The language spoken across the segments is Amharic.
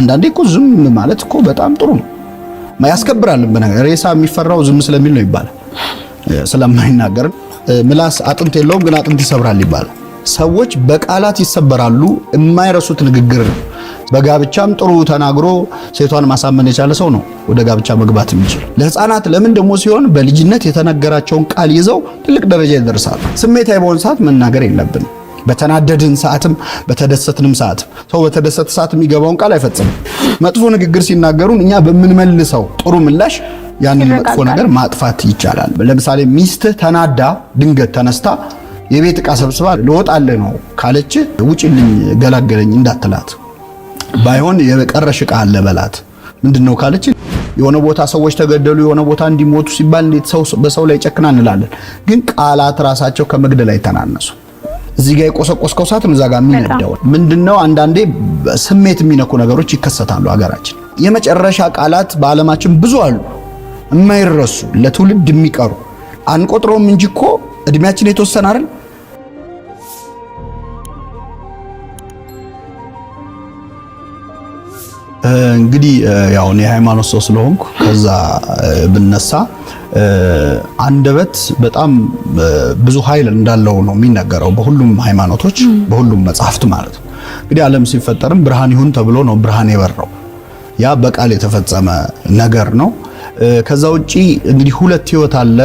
አንዳንዴ እኮ ዝም ማለት እኮ በጣም ጥሩ ነው፣ ያስከብራል። በነገር ሬሳ የሚፈራው ዝም ስለሚል ነው ይባላል፣ ስለማይናገር። ምላስ አጥንት የለውም ግን አጥንት ይሰብራል ይባላል። ሰዎች በቃላት ይሰበራሉ፣ የማይረሱት ንግግር ነው። በጋብቻም ጥሩ ተናግሮ ሴቷን ማሳመን የቻለ ሰው ነው ወደ ጋብቻ መግባት የሚችል። ለህፃናት ለምን ደግሞ ሲሆን በልጅነት የተነገራቸውን ቃል ይዘው ትልቅ ደረጃ ይደርሳሉ። ስሜታዊ በሆን ሰዓት መናገር የለብንም። በተናደድን ሰዓትም በተደሰትንም ሰዓትም ሰው በተደሰተ ሰዓት የሚገባውን ቃል አይፈጽምም። መጥፎ ንግግር ሲናገሩን እኛ በምንመልሰው ጥሩ ምላሽ ያንን መጥፎ ነገር ማጥፋት ይቻላል። ለምሳሌ ሚስትህ ተናዳ ድንገት ተነስታ የቤት እቃ ሰብስባ ልወጣልህ ነው ካለች ውጭልኝ፣ ገላገለኝ እንዳትላት። ባይሆን የቀረሽ እቃ አለ በላት። ምንድን ነው ካለች የሆነ ቦታ ሰዎች ተገደሉ፣ የሆነ ቦታ እንዲሞቱ ሲባል እንዴት ሰው በሰው ላይ ጨክና እንላለን። ግን ቃላት ራሳቸው ከመግደል አይተናነሱ እዚህ ጋር የቆሰቆስከው ነው እዛ ጋር የሚነዳው ምንድነው? አንዳንዴ ስሜት የሚነኩ ነገሮች ይከሰታሉ። ሀገራችን የመጨረሻ ቃላት በዓለማችን ብዙ አሉ፣ የማይረሱ ለትውልድ የሚቀሩ አንቆጥረውም እንጂ እኮ እድሜያችን የተወሰነ አይደል? እንግዲህ ያው እኔ ሃይማኖት ሰው ስለሆንኩ ከዛ ብነሳ አንደበት በጣም ብዙ ኃይል እንዳለው ነው የሚነገረው በሁሉም ሃይማኖቶች፣ በሁሉም መጽሐፍት ማለት ነው። እንግዲህ ዓለም ሲፈጠርም ብርሃን ይሁን ተብሎ ነው ብርሃን የበራው። ያ በቃል የተፈጸመ ነገር ነው። ከዛ ውጪ እንግዲህ ሁለት ህይወት አለ።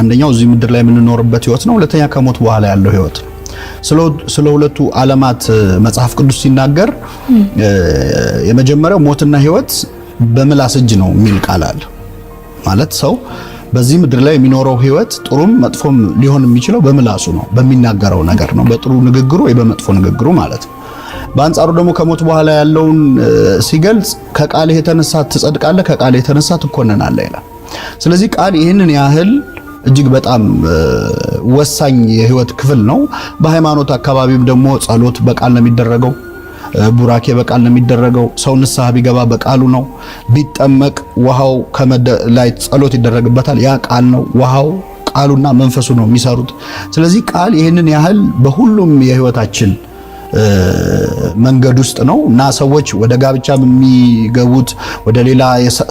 አንደኛው እዚህ ምድር ላይ የምንኖርበት ህይወት ነው። ሁለተኛ ከሞት በኋላ ያለው ህይወት ነው። ስለ ሁለቱ ዓለማት መጽሐፍ ቅዱስ ሲናገር የመጀመሪያው ሞትና ህይወት በምላስ እጅ ነው የሚል ቃል አለ። ማለት ሰው በዚህ ምድር ላይ የሚኖረው ህይወት ጥሩም መጥፎም ሊሆን የሚችለው በምላሱ ነው፣ በሚናገረው ነገር ነው፣ በጥሩ ንግግሩ ወይ በመጥፎ ንግግሩ ማለት ነው። በአንጻሩ ደግሞ ከሞት በኋላ ያለውን ሲገልጽ ከቃልህ የተነሳ ትጸድቃለህ፣ ከቃልህ የተነሳ ትኮነናለህ ይላል። ስለዚህ ቃል ይህንን ያህል እጅግ በጣም ወሳኝ የህይወት ክፍል ነው። በሃይማኖት አካባቢም ደግሞ ጸሎት በቃል ነው የሚደረገው። ቡራኬ በቃል ነው የሚደረገው። ሰው ንስሐ ቢገባ በቃሉ ነው። ቢጠመቅ ውሃው ላይ ጸሎት ይደረግበታል። ያ ቃል ነው። ውሃው ቃሉና መንፈሱ ነው የሚሰሩት። ስለዚህ ቃል ይህንን ያህል በሁሉም የህይወታችን መንገድ ውስጥ ነው እና ሰዎች ወደ ጋብቻ የሚገቡት ወደ ሌላ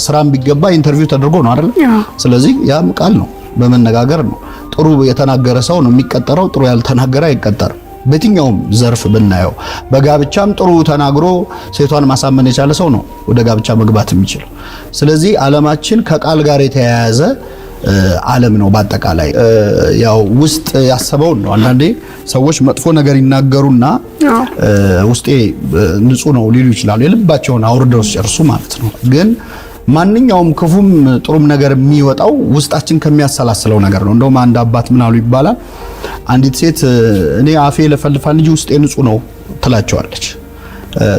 ስራም ቢገባ ኢንተርቪው ተደርጎ ነው አይደል? ስለዚህ ያም ቃል ነው፣ በመነጋገር ነው። ጥሩ የተናገረ ሰው ነው የሚቀጠረው፣ ጥሩ ያልተናገረ አይቀጠር። በየትኛውም ዘርፍ ብናየው በጋብቻም ጥሩ ተናግሮ ሴቷን ማሳመን የቻለ ሰው ነው ወደ ጋብቻ መግባት የሚችለው። ስለዚህ ዓለማችን ከቃል ጋር የተያያዘ ዓለም ነው። በአጠቃላይ ያው ውስጥ ያሰበውን ነው። አንዳንዴ ሰዎች መጥፎ ነገር ይናገሩና ውስጤ ንጹህ ነው ሊሉ ይችላሉ። የልባቸውን አውርደው ሲጨርሱ ማለት ነው ግን ማንኛውም ክፉም ጥሩም ነገር የሚወጣው ውስጣችን ከሚያሰላስለው ነገር ነው። እንደውም አንድ አባት ምናሉ ይባላል፣ አንዲት ሴት እኔ አፌ ለፈልፋ ልጅ ውስጤ ንጹህ ነው ትላቸዋለች።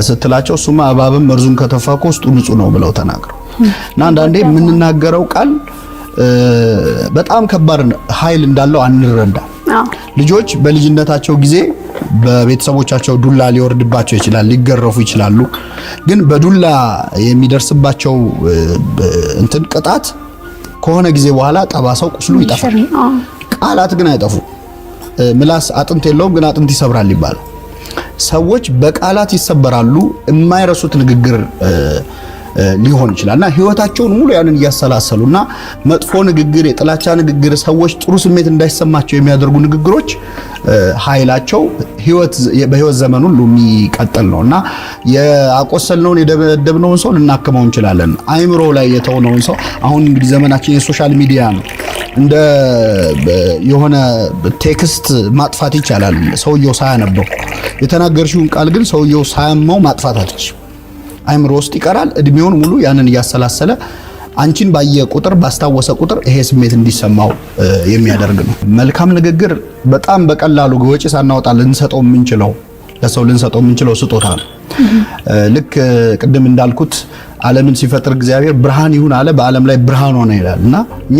ስትላቸው እሱማ እባብም እርዙን ከተፋ እኮ ውስጡ ንጹህ ነው ብለው ተናግረው እና አንዳንዴ የምንናገረው ቃል በጣም ከባድ ኃይል እንዳለው አንረዳ። ልጆች በልጅነታቸው ጊዜ በቤተሰቦቻቸው ዱላ ሊወርድባቸው ይችላል፣ ሊገረፉ ይችላሉ። ግን በዱላ የሚደርስባቸው እንትን ቅጣት ከሆነ ጊዜ በኋላ ጠባሳው፣ ቁስሉ ይጠፋል። ቃላት ግን አይጠፉ። ምላስ አጥንት የለውም፣ ግን አጥንት ይሰብራል ይባላል። ሰዎች በቃላት ይሰበራሉ። የማይረሱት ንግግር ሊሆን ይችላል እና ህይወታቸውን ሙሉ ያንን እያሰላሰሉና መጥፎ ንግግር፣ የጥላቻ ንግግር፣ ሰዎች ጥሩ ስሜት እንዳይሰማቸው የሚያደርጉ ንግግሮች ኃይላቸው በህይወት ዘመን ሁሉ የሚቀጥል ነው እና ያቆሰልነውን የደበደብነውን ሰው ልናክመው እንችላለን። አይምሮ ላይ የተሆነውን ሰው አሁን እንግዲህ ዘመናችን የሶሻል ሚዲያ ነው። እንደ የሆነ ቴክስት ማጥፋት ይቻላል ሰውየው ሳያነበው የተናገርሽውን ቃል ግን ሰውየው ሳያመው ማጥፋት አለች። አይምሮ ውስጥ ይቀራል። እድሜውን ሙሉ ያንን እያሰላሰለ አንቺን ባየ ቁጥር ባስታወሰ ቁጥር ይሄ ስሜት እንዲሰማው የሚያደርግ ነው። መልካም ንግግር በጣም በቀላሉ ወጪ ሳናወጣ ልንሰጠው የምንችለው ለሰው ልንሰጠው የምንችለው ስጦታ ነው። ልክ ቅድም እንዳልኩት ዓለምን ሲፈጥር እግዚአብሔር ብርሃን ይሁን አለ፣ በዓለም ላይ ብርሃን ሆነ ይላል እና እኛ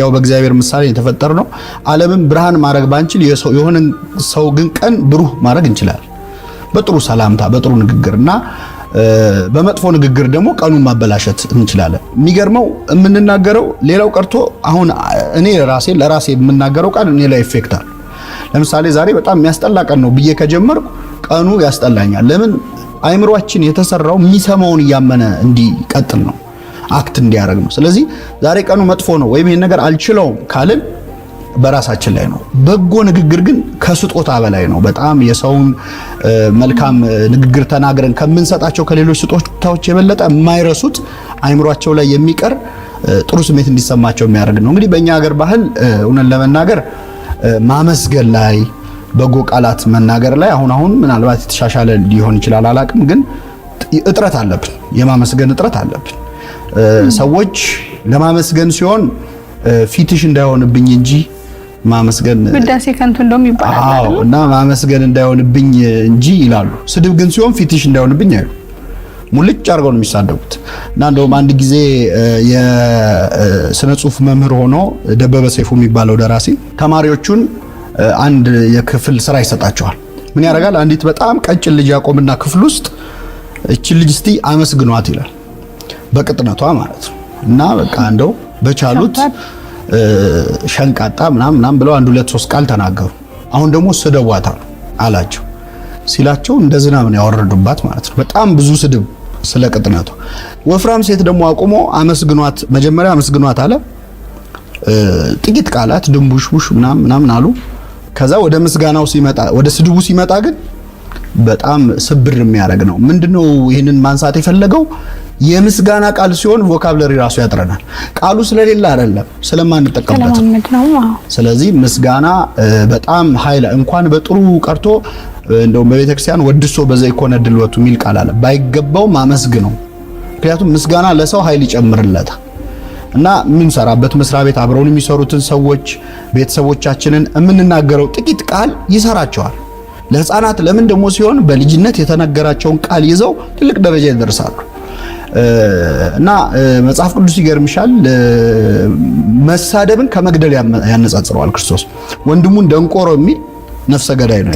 ያው በእግዚአብሔር ምሳሌ የተፈጠር ነው። ዓለምን ብርሃን ማድረግ ባንችል የሆነን ሰው ግን ቀን ብሩህ ማድረግ እንችላለን በጥሩ ሰላምታ፣ በጥሩ ንግግር እና በመጥፎ ንግግር ደግሞ ቀኑን ማበላሸት እንችላለን። የሚገርመው የምንናገረው ሌላው ቀርቶ አሁን እኔ ራሴ ለራሴ የምናገረው ቃል እኔ ላይ ኢፌክት አለ። ለምሳሌ ዛሬ በጣም የሚያስጠላ ቀን ነው ብዬ ከጀመርኩ ቀኑ ያስጠላኛል። ለምን? አይምሯችን የተሰራው የሚሰማውን እያመነ እንዲቀጥል ነው፣ አክት እንዲያደርግ ነው። ስለዚህ ዛሬ ቀኑ መጥፎ ነው ወይም ይህን ነገር አልችለውም ካልን በራሳችን ላይ ነው። በጎ ንግግር ግን ከስጦታ በላይ ነው። በጣም የሰውን መልካም ንግግር ተናግረን ከምንሰጣቸው ከሌሎች ስጦታዎች የበለጠ የማይረሱት አይምሯቸው ላይ የሚቀር ጥሩ ስሜት እንዲሰማቸው የሚያደርግ ነው። እንግዲህ በእኛ ሀገር ባህል እውነት ለመናገር ማመስገን ላይ በጎ ቃላት መናገር ላይ አሁን አሁን ምናልባት የተሻሻለ ሊሆን ይችላል አላቅም፣ ግን እጥረት አለብን። የማመስገን እጥረት አለብን። ሰዎች ለማመስገን ሲሆን ፊትሽ እንዳይሆንብኝ እንጂ ማመስገን ውዳሴ ከንቱ እንደውም ይባላል። አዎ እና ማመስገን እንዳይሆንብኝ እንጂ ይላሉ። ስድብ ግን ሲሆን ፊትሽ እንዳይሆንብኝ አይሉ ሙልጭ አድርገው ነው የሚሳደቡት። እና እንደውም አንድ ጊዜ የስነ ጽሁፍ መምህር ሆኖ ደበበ ሰይፉ የሚባለው ደራሲ ተማሪዎቹን አንድ የክፍል ስራ ይሰጣቸዋል። ምን ያደርጋል? አንዲት በጣም ቀጭን ልጅ ያቆምና ክፍል ውስጥ እቺ ልጅ እስቲ አመስግኗት ይላል፣ በቅጥነቷ ማለት ነው። እና በቃ እንደው በቻሉት ሸንቃጣ ምናም ምናም ብለው አንድ ሁለት ሶስት ቃል ተናገሩ። አሁን ደግሞ ስደቧታል አላቸው ሲላቸው እንደ ዝናብ ነው ያወረዱባት ማለት ነው። በጣም ብዙ ስድብ ስለ ወፍራም ሴት ደግሞ አቁሞ አመስግኗት፣ መጀመሪያ አመስግኗት አለ። ጥቂት ቃላት ድንቡሽቡሽ ምናም ምናምን አሉ። ከዛ ወደ ምስጋናው ሲመጣ ወደ ስድቡ ሲመጣ ግን በጣም ስብር የሚያደርግ ነው። ምንድነው ይህንን ማንሳት የፈለገው የምስጋና ቃል ሲሆን ቮካብለሪ ራሱ ያጥረናል። ቃሉ ስለሌለ አይደለም ስለማንጠቀምበት። ስለዚህ ምስጋና በጣም ኃይለ እንኳን በጥሩ ቀርቶ እንደውም በቤተክርስቲያን ወድሶ በዛ ይኮነ ድልወቱ የሚል ቃል አለ። ባይገባው ማመስግነው። ምክንያቱም ምስጋና ለሰው ኃይል ይጨምርለታል እና የምንሰራበት መስሪያ ቤት አብረውን የሚሰሩትን ሰዎች ቤተሰቦቻችንን የምንናገረው ጥቂት ቃል ይሰራቸዋል። ለህፃናት ለምን ደግሞ ሲሆን በልጅነት የተነገራቸውን ቃል ይዘው ትልቅ ደረጃ ይደርሳሉ። እና መጽሐፍ ቅዱስ ይገርምሻል፣ መሳደብን ከመግደል ያነጻጽረዋል። ክርስቶስ ወንድሙን ደንቆሮ የሚል ነፍሰ ገዳይ ነው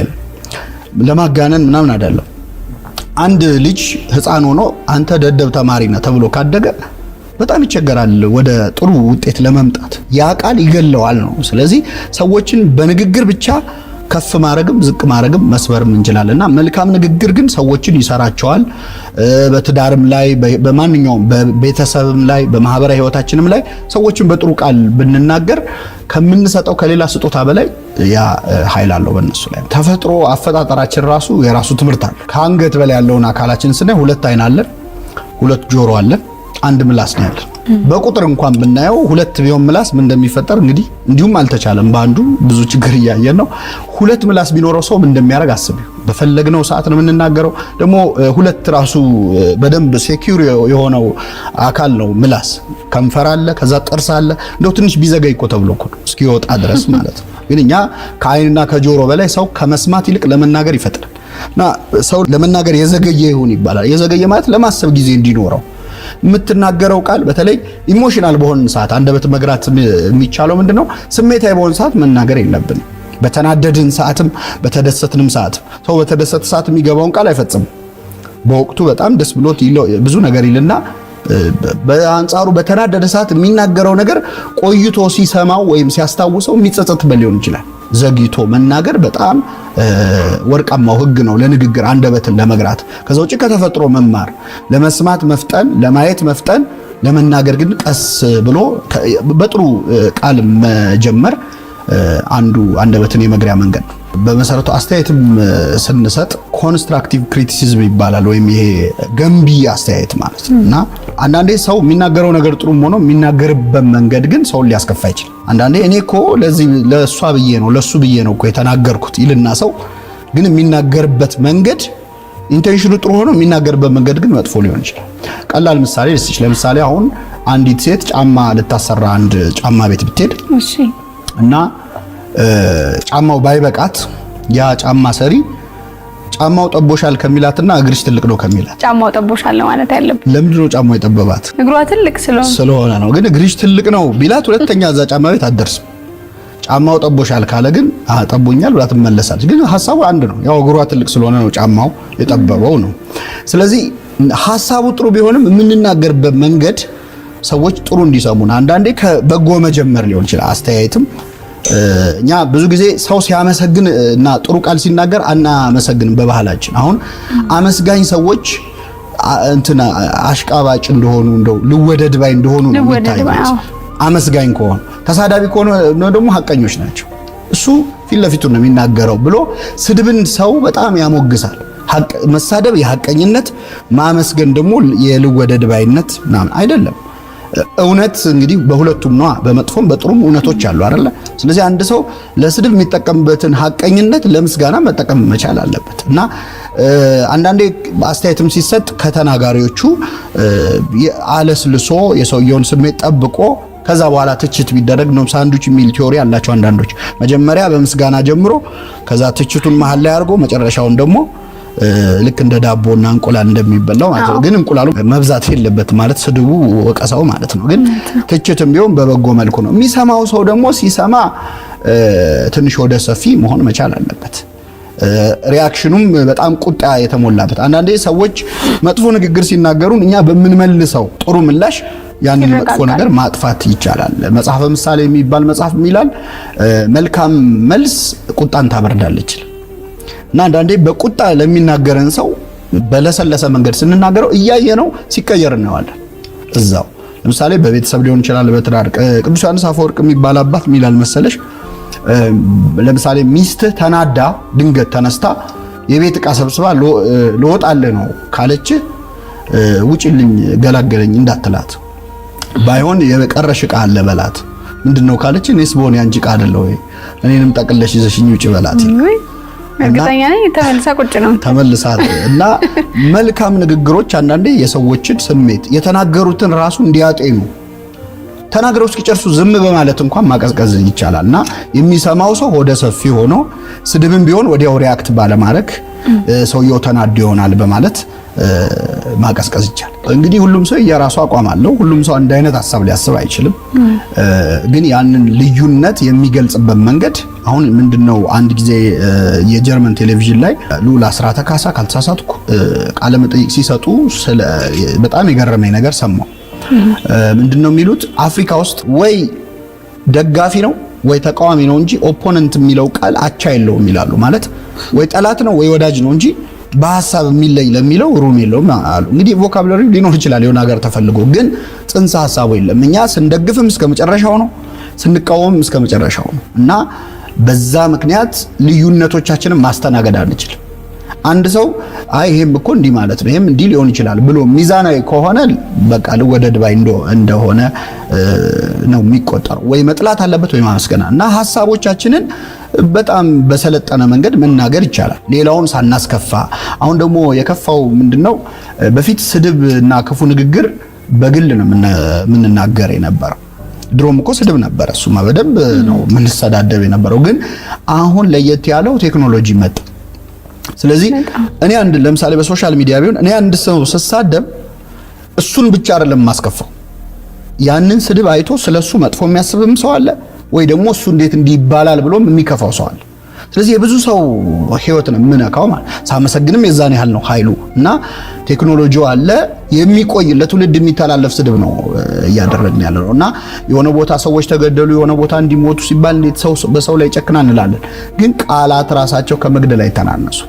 ለማጋነን ምናምን አይደለም። አንድ ልጅ ሕፃን ሆኖ አንተ ደደብ ተማሪ ነህ ተብሎ ካደገ በጣም ይቸገራል ወደ ጥሩ ውጤት ለመምጣት። ያ ቃል ይገለዋል ነው። ስለዚህ ሰዎችን በንግግር ብቻ ከፍ ማድረግም ዝቅ ማድረግም መስበርም እንችላለን እና መልካም ንግግር ግን ሰዎችን ይሰራቸዋል። በትዳርም ላይ በማንኛውም በቤተሰብም ላይ በማህበራዊ ህይወታችንም ላይ ሰዎችን በጥሩ ቃል ብንናገር ከምንሰጠው ከሌላ ስጦታ በላይ ያ ኃይል አለው። በእነሱ ላይ ተፈጥሮ አፈጣጠራችን ራሱ የራሱ ትምህርት አለ። ከአንገት በላይ ያለውን አካላችን ስናይ ሁለት አይን አለን፣ ሁለት ጆሮ አለን፣ አንድ ምላስ ነው ያለን በቁጥር እንኳን ብናየው ሁለት ቢሆን ምላስ ምን እንደሚፈጠር እንግዲህ እንዲሁም አልተቻለም። በአንዱ ብዙ ችግር እያየን ነው። ሁለት ምላስ ቢኖረው ሰው ምን እንደሚያደርግ አስብ በፈለግነው ሰዓት ነው የምንናገረው። ደግሞ ሁለት ራሱ በደንብ ሴኪዩር የሆነው አካል ነው ምላስ። ከንፈር አለ፣ ከዛ ጥርስ አለ። እንደው ትንሽ ቢዘገይ እኮ ተብሎ እኮ እስኪወጣ ድረስ ማለት ነው። ግን እኛ ከአይንና ከጆሮ በላይ ሰው ከመስማት ይልቅ ለመናገር ይፈጥራል እና ሰው ለመናገር የዘገየ ይሁን ይባላል። የዘገየ ማለት ለማሰብ ጊዜ እንዲኖረው የምትናገረው ቃል በተለይ ኢሞሽናል በሆን ሰዓት አንደበት መግራት የሚቻለው ምንድነው? ስሜታዊ በሆን ሰዓት መናገር የለብን። በተናደድን ሰዓትም በተደሰትንም ሰዓት ሰው በተደሰተ ሰዓት የሚገባውን ቃል አይፈጽም። በወቅቱ በጣም ደስ ብሎት ብዙ ነገር ይልና በአንጻሩ በተናደደ ሰዓት የሚናገረው ነገር ቆይቶ ሲሰማው ወይም ሲያስታውሰው የሚጸጸትበት ሊሆን ይችላል። ዘግይቶ መናገር በጣም ወርቃማው ህግ ነው ለንግግር አንደበትን ለመግራት። ከዛ ውጭ ከተፈጥሮ መማር ለመስማት መፍጠን፣ ለማየት መፍጠን፣ ለመናገር ግን ቀስ ብሎ በጥሩ ቃል መጀመር አንዱ አንደበትን የመግሪያ መንገድ ነው። በመሰረቱ አስተያየትም ስንሰጥ ኮንስትራክቲቭ ክሪቲሲዝም ይባላል፣ ወይም ይሄ ገንቢ አስተያየት ማለት ነው እና አንዳንዴ ሰው የሚናገረው ነገር ጥሩም ሆኖ የሚናገርበት መንገድ ግን ሰውን ሊያስከፋ ይችላል። አንዳንዴ እኔ እኮ ለዚህ ለእሷ ብዬ ነው ለእሱ ብዬ ነው እኮ የተናገርኩት ይልና ሰው ግን የሚናገርበት መንገድ ኢንቴንሽኑ ጥሩ ሆኖ የሚናገርበት መንገድ ግን መጥፎ ሊሆን ይችላል። ቀላል ምሳሌ ልስች። ለምሳሌ አሁን አንዲት ሴት ጫማ ልታሰራ አንድ ጫማ ቤት ብትሄድ እና ጫማው ባይበቃት ያ ጫማ ሰሪ ጫማው ጠቦሻል ከሚላትና እግርሽ ትልቅ ነው ከሚላት ጫማው ጠቦሻል ነው ማለት ያለብን። ለምንድን ነው ጫማው የጠበባት? እግሯ ትልቅ ስለሆነ ነው። ግን እግርሽ ትልቅ ነው ቢላት ሁለተኛ እዛ ጫማ ቤት አትደርስም። ጫማው ጠቦሻል ካለ ግን ጠቦኛል ብላ ትመለሳለች። ግን ሀሳቡ አንድ ነው። ያው እግሯ ትልቅ ስለሆነ ነው ጫማው የጠበበው ነው። ስለዚህ ሀሳቡ ጥሩ ቢሆንም የምንናገርበት መንገድ ሰዎች ጥሩ እንዲሰሙን አንዳንዴ ከበጎ መጀመር ሊሆን ይችላል አስተያየትም እኛ ብዙ ጊዜ ሰው ሲያመሰግን እና ጥሩ ቃል ሲናገር አናመሰግንም በባህላችን። አሁን አመስጋኝ ሰዎች እንትና አሽቃባጭ እንደሆኑ እንደው ልወደድ ባይ እንደሆኑ ነው የሚታዩት። አመስጋኝ ከሆኑ ተሳዳቢ ከሆኑ ደግሞ ሀቀኞች ናቸው። እሱ ፊት ለፊቱ ነው የሚናገረው ብሎ ስድብን ሰው በጣም ያሞግሳል። መሳደብ የሀቀኝነት ማመስገን ደግሞ የልወደድ ባይነት ምናምን አይደለም። እውነት እንግዲህ በሁለቱም ነዋ፣ በመጥፎም በጥሩም እውነቶች አሉ አይደለ? ስለዚህ አንድ ሰው ለስድብ የሚጠቀምበትን ሀቀኝነት ለምስጋና መጠቀም መቻል አለበት እና አንዳንዴ አስተያየትም ሲሰጥ ከተናጋሪዎቹ አለስልሶ የሰውየውን ስሜት ጠብቆ ከዛ በኋላ ትችት ቢደረግ ነው ሳንዱች የሚል ቲዮሪ አላቸው አንዳንዶች። መጀመሪያ በምስጋና ጀምሮ ከዛ ትችቱን መሀል ላይ አድርጎ መጨረሻውን ደግሞ ልክ እንደ ዳቦና እንቁላል እንደሚበላው ማለት ነው። ግን እንቁላሉ መብዛት የለበት ማለት ስድቡ ወቀሳው ማለት ነው። ግን ትችትም ቢሆን በበጎ መልኩ ነው የሚሰማው። ሰው ደግሞ ሲሰማ ትንሽ ወደ ሰፊ መሆን መቻል አለበት። ሪያክሽኑም በጣም ቁጣ የተሞላበት አንዳንዴ ሰዎች መጥፎ ንግግር ሲናገሩን እኛ በምንመልሰው ጥሩ ምላሽ ያንን መጥፎ ነገር ማጥፋት ይቻላል። መጽሐፈ ምሳሌ የሚባል መጽሐፍ ይላል መልካም መልስ ቁጣን ታበርዳለች። እና አንዳንዴ በቁጣ ለሚናገረን ሰው በለሰለሰ መንገድ ስንናገረው እያየ ነው ሲቀየር እናየዋለን። እዛው ለምሳሌ በቤተሰብ ሊሆን ይችላል፣ በትዳር ቅዱስ ዮሐንስ አፈወርቅ የሚባል አባት ሚላል መሰለሽ ለምሳሌ ሚስትህ ተናዳ ድንገት ተነስታ የቤት እቃ ሰብስባ ልወጣልህ ነው ካለች ውጭልኝ፣ ገላገለኝ እንዳትላት፣ ባይሆን የቀረሽ እቃ አለ በላት። ምንድነው ካለች እኔስ በሆነ ያንቺ ዕቃ አይደለ ወይ እኔንም ጠቅለሽ ይዘሽኝ ውጭ በላት። እርግጠኛ ነኝ ተመልሳ ቁጭ ነው ተመልሳት እና መልካም ንግግሮች አንዳንዴ የሰዎችን ስሜት የተናገሩትን ራሱ እንዲያጤኑ ተናግረው እስኪጨርሱ ዝም በማለት እንኳን ማቀዝቀዝ ይቻላል እና የሚሰማው ሰው ሆደ ሰፊ ሆኖ ስድብም ቢሆን ወዲያው ሪያክት ባለማድረግ ሰውየው ተናዶ ይሆናል በማለት ማቀዝቀዝ ይቻላል። እንግዲህ ሁሉም ሰው የራሱ አቋም አለው። ሁሉም ሰው አንድ አይነት ሀሳብ ሊያስብ አይችልም። ግን ያንን ልዩነት የሚገልጽበት መንገድ አሁን ምንድነው? አንድ ጊዜ የጀርመን ቴሌቪዥን ላይ ሉላ አስራተ ካሳ ካልተሳሳትኩ ቃለ መጠይቅ ሲሰጡ በጣም የገረመኝ ነገር ሰማሁ። ምንድነው የሚሉት? አፍሪካ ውስጥ ወይ ደጋፊ ነው ወይ ተቃዋሚ ነው እንጂ ኦፖነንት የሚለው ቃል አቻ የለውም ይላሉ። ማለት ወይ ጠላት ነው ወይ ወዳጅ ነው እንጂ በሀሳብ የሚለኝ ለሚለው ሩም የለውም አሉ። እንግዲህ ቮካብለሪ ሊኖር ይችላል የሆነ ሀገር ተፈልጎ፣ ግን ጽንሰ ሀሳቡ የለም። እኛ ስንደግፍም እስከ መጨረሻው ነው፣ ስንቃወምም እስከ መጨረሻው ነው እና በዛ ምክንያት ልዩነቶቻችንን ማስተናገድ አንችልም። አንድ ሰው አይ ይሄም እኮ እንዲህ ማለት ነው ይሄም እንዲህ ሊሆን ይችላል ብሎ ሚዛናዊ ከሆነ በቃ ልወደድ ባይ እንደሆነ ነው የሚቆጠረው። ወይ መጥላት አለበት ወይ ማመስገና እና ሀሳቦቻችንን በጣም በሰለጠነ መንገድ መናገር ይቻላል፣ ሌላውን ሳናስከፋ። አሁን ደግሞ የከፋው ምንድነው? በፊት ስድብ እና ክፉ ንግግር በግል ነው የምንናገር የነበረው። ድሮም እኮ ስድብ ነበረ፣ እሱማ በደንብ ነው የምንሰዳደብ የነበረው። ግን አሁን ለየት ያለው ቴክኖሎጂ መጣ። ስለዚህ እኔ አንድ ለምሳሌ በሶሻል ሚዲያ ቢሆን እኔ አንድ ሰው ስሳደብ እሱን ብቻ አይደለም የማስከፋው፣ ያንን ስድብ አይቶ ስለሱ መጥፎ የሚያስብም ሰው አለ ወይ ደግሞ እሱ እንዴት እንዲባላል ይባላል የሚከፋው ሰው አለ። ስለዚህ የብዙ ሰው ህይወት ነው የምነካው። ማለት ሳመሰግንም የዛን ያህል ነው ኃይሉ እና ቴክኖሎጂው አለ የሚቆይ ለትውልድ የሚተላለፍ ስድብ ነው እያደረግን ያለ ነው እና የሆነ ቦታ ሰዎች ተገደሉ፣ የሆነ ቦታ እንዲሞቱ ሲባል በሰው ላይ ጨክና እንላለን። ግን ቃላት ራሳቸው ከመግደል አይተናነሱ።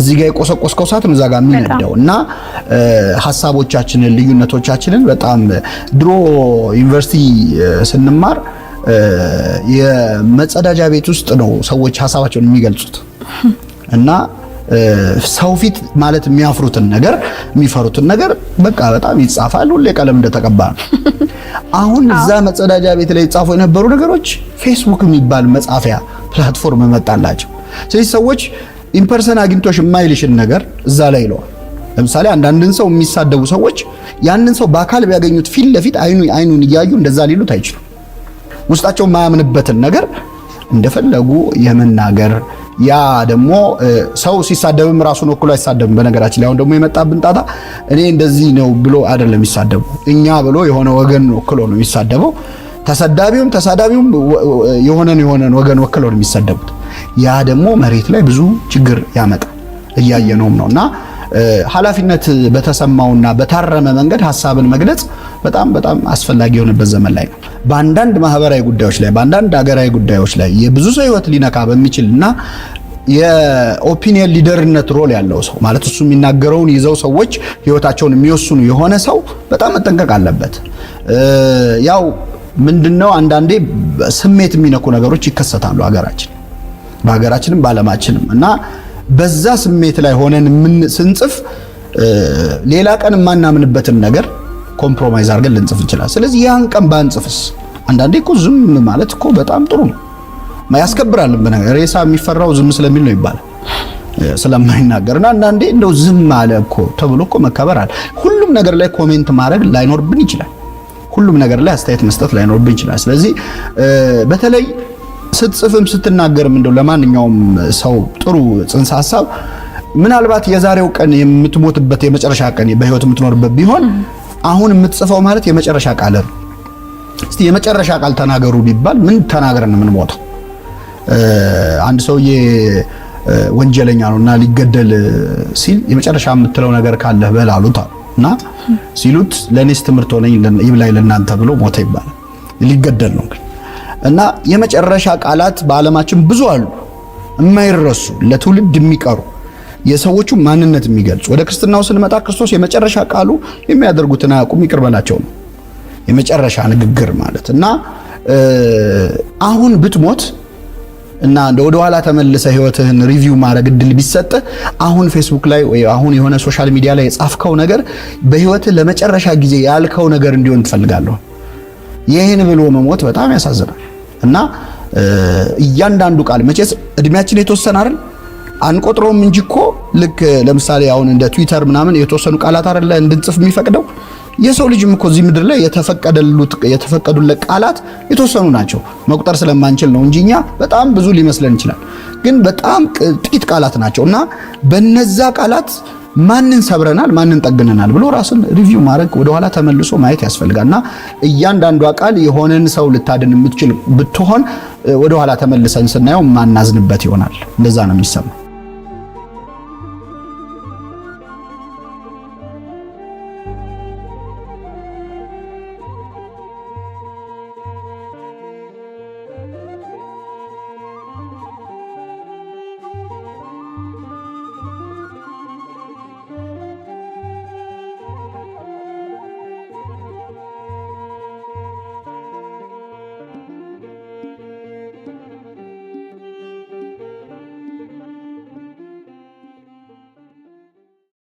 እዚህ ጋር የቆሰቆስከው እሳት ነው እዛ ጋር እና ሀሳቦቻችንን ልዩነቶቻችንን በጣም ድሮ ዩኒቨርሲቲ ስንማር የመጸዳጃ ቤት ውስጥ ነው ሰዎች ሀሳባቸውን የሚገልጹት እና ሰው ፊት ማለት የሚያፍሩትን ነገር የሚፈሩትን ነገር በቃ በጣም ይጻፋል። ሁሌ ቀለም እንደተቀባ ነው። አሁን እዛ መጸዳጃ ቤት ላይ ይጻፉ የነበሩ ነገሮች ፌስቡክ የሚባል መጻፊያ ፕላትፎርም መጣላቸው። ስለዚህ ሰዎች ኢምፐርሰን አግኝቶሽ የማይልሽን ነገር እዛ ላይ ይለዋል። ለምሳሌ አንዳንድን ሰው የሚሳደቡ ሰዎች ያንን ሰው በአካል ቢያገኙት ፊት ለፊት አይኑን እያዩ እንደዛ ሊሉት አይችሉም። ውስጣቸው የማያምንበትን ነገር እንደፈለጉ የመናገር ያ ደግሞ ሰው ሲሳደብም ራሱን ወክሎ አይሳደብም። በነገራችን ላይ አሁን ደግሞ የመጣብን ጣጣ እኔ እንደዚህ ነው ብሎ አይደለም የሚሳደቡ እኛ ብሎ የሆነ ወገን ወክሎ ነው የሚሳደበው። ተሰዳቢውም ተሳዳቢውም የሆነን የሆነን ወገን ወክሎ ነው የሚሳደቡት። ያ ደግሞ መሬት ላይ ብዙ ችግር ያመጣ እያየነውም ነው እና ኃላፊነት በተሰማውና በታረመ መንገድ ሀሳብን መግለጽ በጣም በጣም አስፈላጊ የሆነበት ዘመን ላይ ነው። በአንዳንድ ማህበራዊ ጉዳዮች ላይ በአንዳንድ ሀገራዊ ጉዳዮች ላይ የብዙ ሰው ህይወት ሊነካ በሚችል እና የኦፒኒየን ሊደርነት ሮል ያለው ሰው ማለት እሱ የሚናገረውን ይዘው ሰዎች ህይወታቸውን የሚወስኑ የሆነ ሰው በጣም መጠንቀቅ አለበት። ያው ምንድነው አንዳንዴ ስሜት የሚነኩ ነገሮች ይከሰታሉ ሀገራችን በሀገራችንም በዓለማችንም እና በዛ ስሜት ላይ ሆነን ስንጽፍ ሌላ ቀን የማናምንበትን ነገር ኮምፕሮማይዝ አድርገን ልንጽፍ እንችላለን። ስለዚህ ያን ቀን ባንጽፍስ? አንዳንዴ እኮ ዝም ማለት እኮ በጣም ጥሩ ነው፣ ያስከብራል። በነገር ሬሳ የሚፈራው ዝም ስለሚል ነው ይባላል ስለማይናገርና አንዳንዴ እንደው ዝም አለ እኮ ተብሎ እኮ መከበር አለ። ሁሉም ነገር ላይ ኮሜንት ማድረግ ላይኖርብን ይችላል። ሁሉም ነገር ላይ አስተያየት መስጠት ላይኖርብን ይችላል። ስለዚህ በተለይ ስትጽፍም ስትናገርም እንደው ለማንኛውም ሰው ጥሩ ጽንሰ ሀሳብ ምናልባት የዛሬው ቀን የምትሞትበት የመጨረሻ ቀን በህይወት የምትኖርበት ቢሆን አሁን የምትጽፈው ማለት የመጨረሻ ቃል ነው። እስቲ የመጨረሻ ቃል ተናገሩ ቢባል ምን ተናገረን የምንሞተው? አንድ ሰውዬ ወንጀለኛ ነው እና ሊገደል ሲል የመጨረሻ የምትለው ነገር ካለህ በል አሉት እና ሲሉት ለእኔስ ትምህርት ሆነኝ ይብላኝ ለእናንተ ብሎ ሞተ ይባላል። ሊገደል ነው እና የመጨረሻ ቃላት በዓለማችን ብዙ አሉ፣ የማይረሱ ለትውልድ የሚቀሩ የሰዎቹ ማንነት የሚገልጹ። ወደ ክርስትናው ስንመጣ ክርስቶስ የመጨረሻ ቃሉ የሚያደርጉትን አያውቁም ይቅር በላቸው ነው የመጨረሻ ንግግር ማለት እና አሁን ብትሞት እና እንደ ወደ ኋላ ተመልሰ ህይወትህን ሪቪው ማድረግ እድል ቢሰጥ አሁን ፌስቡክ ላይ ወይ አሁን የሆነ ሶሻል ሚዲያ ላይ የጻፍከው ነገር በህይወትህ ለመጨረሻ ጊዜ ያልከው ነገር እንዲሆን ትፈልጋለሁ። ይህን ብሎ መሞት በጣም ያሳዝናል። እና እያንዳንዱ ቃል መቼስ እድሜያችን የተወሰነ አይደል አንቆጥረውም እንጂ እኮ ልክ ለምሳሌ አሁን እንደ ትዊተር ምናምን የተወሰኑ ቃላት አይደለ እንድንጽፍ የሚፈቅደው የሰው ልጅም እኮ እዚህ ምድር ላይ የተፈቀዱለት ቃላት የተወሰኑ ናቸው። መቁጠር ስለማንችል ነው እንጂ እኛ በጣም ብዙ ሊመስለን ይችላል። ግን በጣም ጥቂት ቃላት ናቸው እና በነዛ ቃላት ማንን ሰብረናል፣ ማንን ጠግነናል ብሎ ራስን ሪቪው ማድረግ ወደኋላ ተመልሶ ማየት ያስፈልጋል እና እያንዳንዷ ቃል የሆነን ሰው ልታድን የምትችል ብትሆን ወደኋላ ተመልሰን ስናየው ማናዝንበት ይሆናል። እንደዛ ነው የሚሰማው።